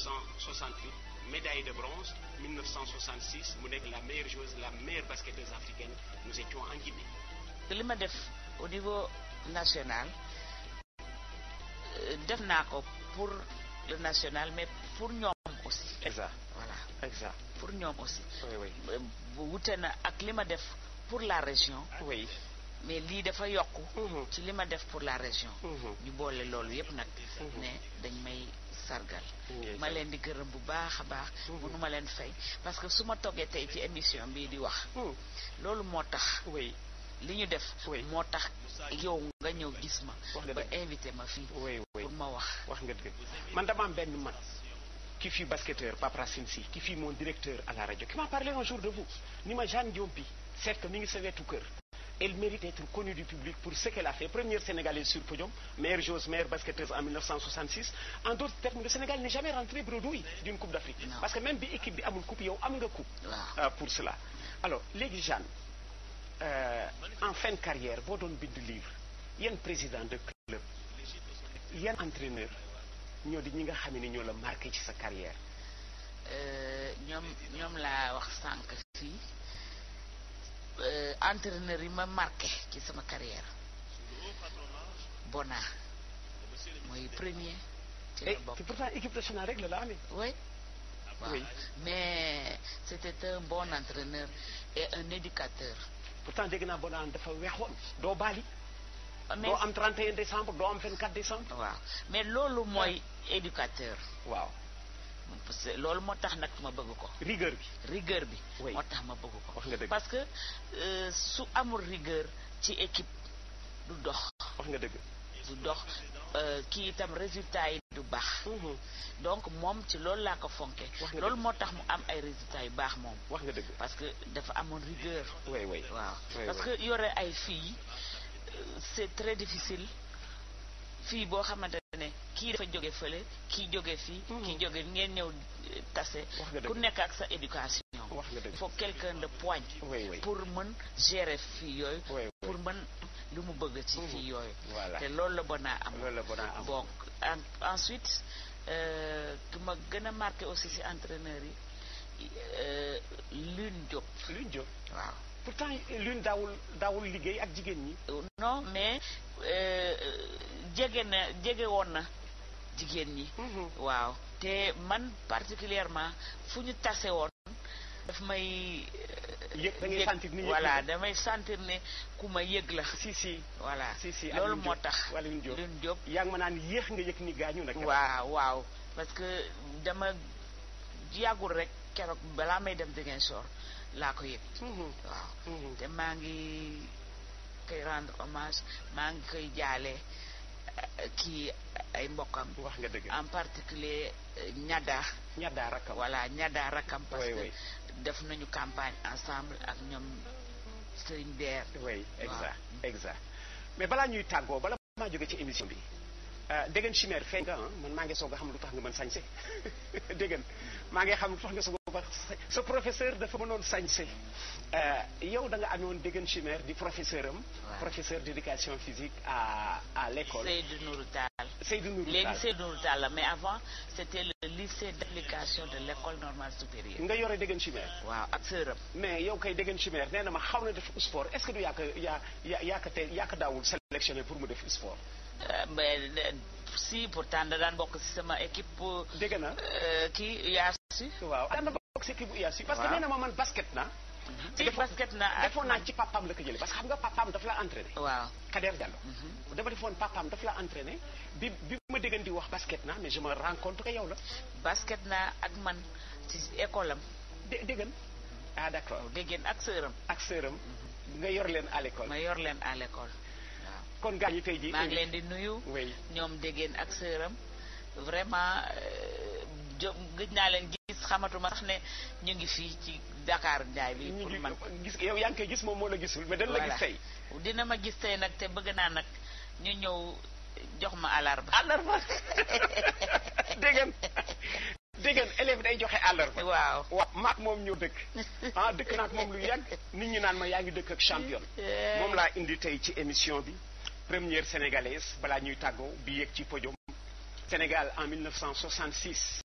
1968 médaille de bronze 1966 mu nekk la meilleure joueuse la meilleure basketteuse africaine nous étions en Guinée. li ma def au niveau national euh, def naa ko pour le national mais pour ñoom aussi. exact voilà exact pour ñoom aussi. oui oui euh, wute na ak li ma def pour la région. oui. mais lii dafa yokk. Mhm. ci li ma def pour la région. Mhm. ñu boole loolu yépp nag. ne mhm. sargal ma leen di gërëm bu baax a baax mhm. nu ma leen fay parce que su ma toggee tey ci émission bii di wax mhm. loolu moo tax li ñu def moo tax yow nga ñëw gis ma ba invité ma fii pour ma wax wax nga dëgg man dama benn man qui fut basketteur Pape Racine ki fi fut mon directeur à la radio qui m'a parlé un jour de vous ni ma Jeanne Diompi certes mu ngi sa wetu kër elle mérite d'être connue du public pour ce qu'elle a fait. Première Sénégalaise sur podium, meilleure joueuse, meilleure basketteuse en 1966. En d'autres termes, le Sénégal n'est jamais rentré bredouille d'une Coupe d'Afrique. Parce que même bi équipe bi amul coupe yow am nga coupe. Euh, pour cela alors léegi Jeanne euh, en fin de carrière boo doon bind livre yan président de club yan entraîneur ñoo di ñi nga xam ni ñoo la marqué ci sa carrière. Euh, ñoom la wax sànq si. Euh, entraîneur yi ma marqué ci sama carrière Bona mooy premier. ci la bokk pourtant équipe nationale rek la la amee. oui ah mais c'était un bon entraîneur et un éducateur. pourtant dégg naa Bona dafa weexoon doo baali. Ah, mais doo am 31 décembre doo am 24 décembre. waaw mais loolu mooy éducateur. waaw. parce que loolu moo tax nag ma bëgg ko. rigueur bi rigueur bi. moo tax ma bëgg ko. wax nga dëgg parce que euh, su amul rigueur ci équipe du dox. wax nga dëgg. du dox euh, kii itam résultat yi du baax. donc moom ci loolu laa ko fonke loolu moo tax mu am ay résultats yu baax moom. wax nga dëgg parce que dafa amoon rigueur. oui oui waaw parce que yore ay fii euh, c'est très difficil fille boo xamante. kii dafa jóge fële kii jóge fii hmm. kii jóge ngeen ñëw eh, tase ku nekk ak sa éducation il faut quelqu'un de poigne pour mën gérer fii yooyu pour mën li mu bëgg ci hmm. fii yooyu te lool la bon a am bon ensuite euh, ki ma gën a marqué aussi ci entraîneur yi euh, Lune Diop Lune Diop waaw pourtant Lune daawul daawul liggéey ak jigéen ñi non mais euh, jege na jege woon na jigéen ñi mhm. waaw te man particulièrement fu ñu tase woon daf may euh, voilà damay sentir ne ku ma yëg la si si voilà si si loolu moo tax Alioune Diop yaa ngi ma naan yéex nga yëg ni gaañu nag waaw waaw parce que dama yàggul rek keroog balaa may dem Ziguinchor laa ko yëg mhm. waaw mhm. te maa ngi koy rendre hommage maa ngi koy jaale euh, kii ay mbokkam wax nga dëgg en particulier ñaddaa euh, ñaddaa rakkam voilà ñaddaa rakkam parce def nañu campagne ensemble ak ñoom sëriñ deer oui exact exact mais bala ñuy tàggoo bala maa jóge ci émission bi euh, déggan chimère feeñ nga ah, man maa ngi soog a xam lu tax nga mën sañse déggan maa ngi xam lu tax nga soog ba sa professeur dafa mënoon sañse euh, yow da nga amoon déggan chimère di professeur am professeur d'éducation physique à à l'école Seydou Nourou Tall Seydou Nourou Tall léegi Seydou la mais avant c'était le lycée d'application de l'école normale supérieure nga yore déggan chimère waaw ak sëram mais yow kay déggan chimère ma xaw na def sport est-ce que du yaaka yaa yaa yaaka te pour mu def sport euh, euh, si pourtant da daan bokk ci sama équipe. dégg na kii yaa si. Séki bu IACI parce que nee na ma man basket na ci mhm. basket na defoon naa ci papaam la ko jëlee parce waaw papaam daf la entraîné mhm. bi ma déggan di wax basket na mais je me rends compte que yow la basket na ak man ci école am déggan mhm. ah, déggan ak sëram ak sëram nga yor leen à l'école ma yor leen à l'école waaw kon gars yi tey jii maa ngi leen di nuyu ñoom déggan ak sëram vraiment euh, gëj naa leen gis xamatuma sax ne ñu ngi fii ci Dakar Ndiaye bi pour man gis yow yaa ngi koy gis moom moo la gisul mais dañ la gis tey dina ma gis tey nag te bëgg naa nag ñu ñëw jox ma alarba alarba dégg ngeen day joxe àllarba waaw waaw maak moom ñoo dëkk ah dëkk naak moom lu yàgg nit ñi naan ma yaa ngi dëkk ak champion moom laa indi tey ci émission bi première sénégalaise balaa ñuy tàggoo bi yéeg ci podium Sénégal en 1966